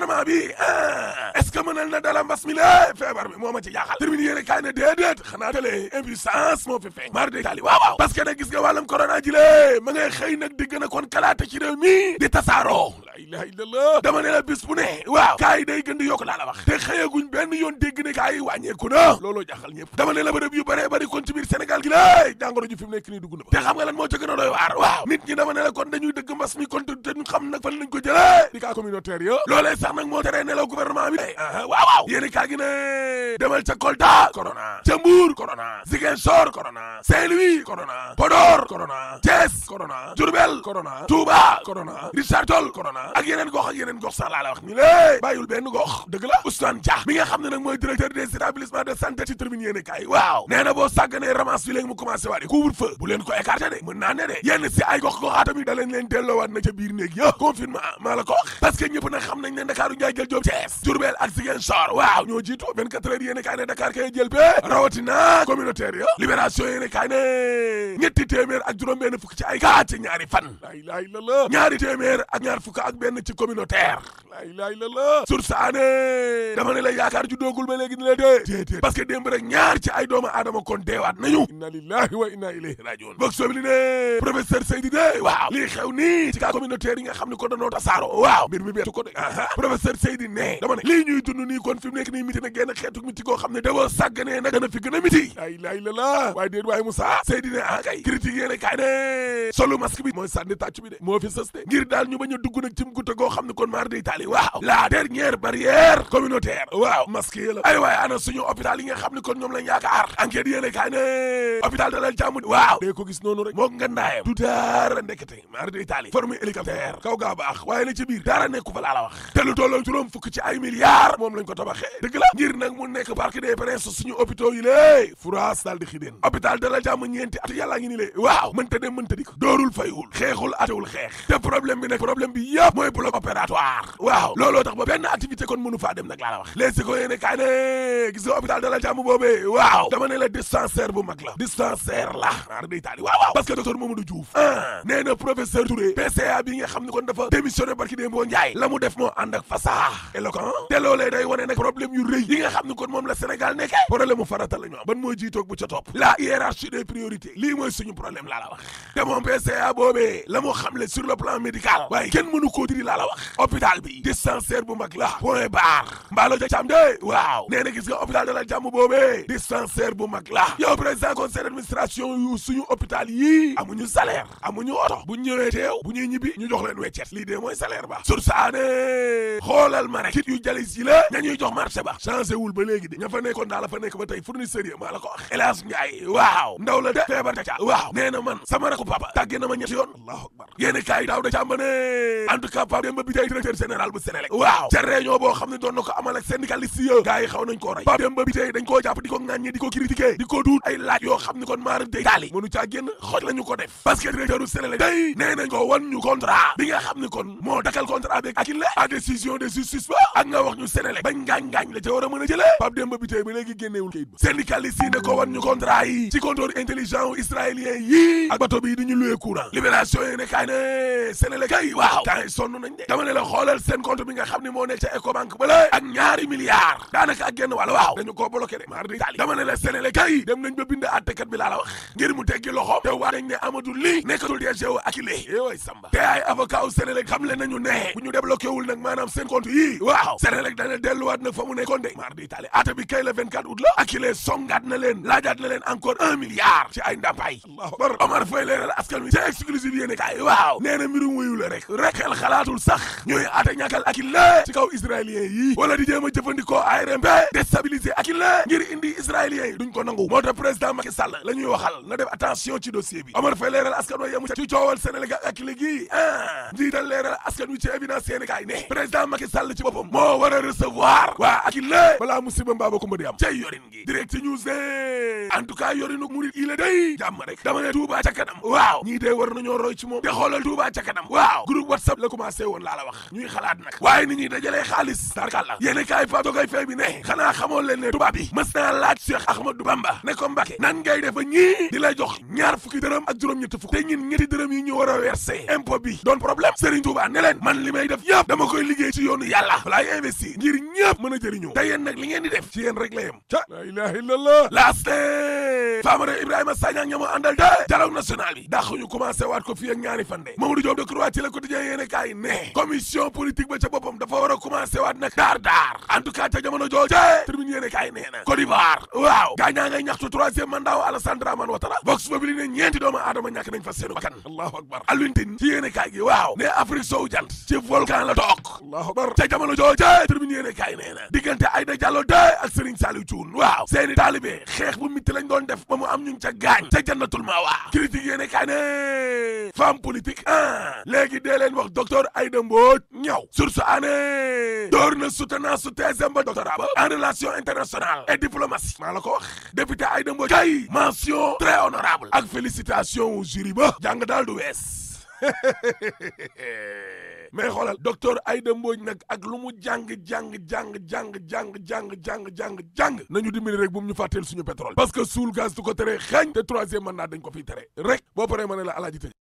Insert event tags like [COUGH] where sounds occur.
gouvernement bi eh, est-ce que mënal na dala mbas mi la feebar bi moo ma ci jaaxal termine yéene kaay ne déedéet xanaa tale impuissance moo fi mar de taali waaw waaw parce que nag gis nga ji le ma ngay xëy nag di gën a kon kalaate ci réew mi di ilaha illallah dama ne la bis bu ne waaw kaa yi day gën di yokk laa la wax te xëyaguñ benn yoon dégg ne kaa yi wàññeeku na looloo jaaxal ñëpp dama ne la bërëb yu bëree bëri kon ci biir Sénégal gi lay jàngoro ju fi mu nekk nii dugg na ba te xam nga moo ca gën a doy waar waaw nit ñi dama ne la kon dañuy dëgg mbas mi kon te ñu xam nag fan lañ ko jëlee di kaa communautaire ya loolee sax nag moo tere ne la gouvernement bi ah, ah, waaw waaw yéeni kaa gi ne demal ca Kolda corona ca Mbour corona ak yeneen gox ak yeneen gox sax laa la wax ni lée bàyyul benn gox dëgg la Ousmane Dia mi nga xam ne nag mooy directeur des établissements de santé ci tribune yéene kaay waaw nee boo sàgganee ramasse bi léegi mu commencé waat couvre-feu bu leen ko écarté de mën naa ne de si ay gox goxaa tamit da leen leen delloowaat na ca biir néeg ya confinement maa ko wax parce que xam nañ Ndakaaru njaay jël Jóob Thiès Diourbel ak Ziguinchor waaw ñoo jiitu 24 heures yéene kaay ne Dakar kay benn ci communautaire dama ne la yaakaar ju doogul ba léegi ni la dee déedéet parce ñaar ci ay doomu aadama kon deewaat nañu inna lillahi wa inna ilayhi rajiun bog ne professeur Seydi de waaw lii xew nii ci cas communautaire yi nga xam ne ko danoo tasaaro waaw mbir mi beetu ko de aha professeur Seydi ne dama ne lii ñuy dund nii kon fi mu nii miti na genn xeetu miti koo xam ne dawoo sàgganee nag dana fi gën a miti waaye déet waaye Moussa Seydi ne ah kay critique a dugg nag guta goo xam ne kon maar day taali waaw la dernière barrière communautaire waaw masque ay waaye ana suñu hôpital yi nga xam ne kon ñoom lañ yaakaar enquête yéene kaay ay milliards moom lañ la ngir mu nekk parc des princes suñu hôpitaux yi lée furaas daal di xideen hôpital Dalal Jàmm ñeenti at yàllaa ngi ni lee waaw mënta dem mënta dik doorul fayul xeexul atewul xeex te problème bi nag problème bi yëpp mooy bloc opératoire waaw looloo tax ba benn activité kon mënu faa dem nag la wax les ko yéene kaay ne gis Dalal Jàmm boobee waaw dama la dispensaire bu mag la dispensaire la naar day taali waaw waaw parce que docteur Mamadou Diouf ah nee PCA bi nga xam ne kon dafa démissionné barki dee boo njaay la mu def moo ànd ak fasaa éloquent te loolee day wane nag problème yu rëy yi nga xam kon moom la Sénégal nekke problème mu farata la ñu ban mooy jiitoog bu prix laa la wax hôpital bi dispensaire bu mag la point barre mbaalo ja càm de waaw nee na gis nga Dalal Jàmm boobee dispensaire bu mag la yow président conseil d'administration yu suñu hôpital yii amuñu salaire amuñu oto bu ñëwee teew bu ñuy ñibbi ñu jox leen weccet lii dee mooy ba sur saane xoolal ma rek kit yu jalis yi la ñañuy jox marché ba changé wul ba léegi de ña fa nekkoon daa la fa nekk ba tey fournisseur yi maa la ko hélas Ndiaye waaw ndaw da ca waaw nee na man sama rakku papa tàggee Pape Demba Bitèye directeur général bu Sénélec waaw ca réunion boo xam ne doon na ko amal ak syndicaliste yi gars xaw nañ koo rey Pape Demba Bitèye dañ koo jàpp di ko ŋàññi di ko critiquer di ko duut ay laaj yoo xam ne kon maar day daali mënu caa génn xooj la ko def parce que directeur bu day nee nañ ko wan ñu contrat bi nga xam ne kon moo dakal contrat bi ak la à décision de justice ba ak nga wax ñu Sénélec bañ ngaañ-ngaañ la ca mën a jëlee sonn nañ de dama ne la xoolal seen compte bi nga xam ne moo nekk ca Ecobank bala ak ñaari milliards daanaka ak genn wàll waaw dañu koo bloqué de mar taali dama ne la Sénégal kay dem nañ ba bind àttekat bi laa la wax ngir mu teggi loxo te waa dañ ne Amadou Ly nekkatul DG wu Akilee eh yéeway te ay avocat wu Sénégal xam le nañu ne bu ñu débloqué nag maanaam seen compte yii waaw Sénégal dana delluwaat nag fa mu nekkoon de mar taali ate bi kay la 24 août la la rek xalaatul sax ñuy ate ñàkkal ak il la ci kaw israéliens yi wala di jéem a jëfandikoo ARMP déstabiliser ak il la ngir indi israéliens yi duñ ko nangu moo tax président Macky Sall la waxal na def attention ci dossier bi Omar Faye leeral askan wa yemu ci coowal Sénégal ak ak léegi ah njiital leeral askan wi ci évidence Sénégal ne président Macky Sall ci boppam moo war a waa ak balaa musiba mbaaba ko ma di am cay yorin gi direct news en tout cas yorinu murit yi passé woon laa la wax ñuy xalaat nag waaye nit ñuy dajalee xaalis tarkal la yéen kaay pa dogoy fay bi ne xanaa xamoo leen tubaab bi mës naa laaj Cheikh Ahmadou Bamba ne ko nan ngay def ba ñii di la jox ñaar fukki dërëm ak juróom-ñetti fukk te ñun ñetti dërëm yi ñu war a versé impôt bi doon problème Serigne Touba ne man li may def yëpp dama koy liggéey ci yoonu yàlla laay investir ngir ñëpp mën a jëriñoo te yéen nag li ngeen di def ci la yem ca la ilaha illallah ko fii ak ñaari fan ne commission politique ba ca boppam dafa war a commencé waat nag daar daar en tout cas ca jamono jooje tribune yéene kaay nee na waaw gaañaa ngay ñaxtu troisième mandat wa Alassane Dramane Ouattara vox populi ne ñeenti doomu aadama ñàkk fa seenu bakkan allahu akbar alluntin ci yéene kaay gi waaw ne Afrique sowu jant ci volcan la toog allahu akbar ca jamono jooje tribune yéene kaay nee diggante Aïda Diallo de ak Serigne Saliou Thioune waaw seeni taalibe xeex ay Aïda Mbodj ñaw source année door na soutenance thèse ba doctorat ba en relation internationale et diplomatie maa la ko wax député Aïda Mbodj kay mention très honorable ak félicitation au jury ba jàng daal du wees [LAUGHS] mais xoolal docteur Aïda Mbodj nag ak lu mu jàng jàng jàng jàng jàng jàng jàng jàng jàng nañu dimbali rek bu mu ñu fàtteel suñu pétrole parce que suul gaz du ko tere xañ te troisième mandat dañ ko fiy tere rek boo paree ma ne la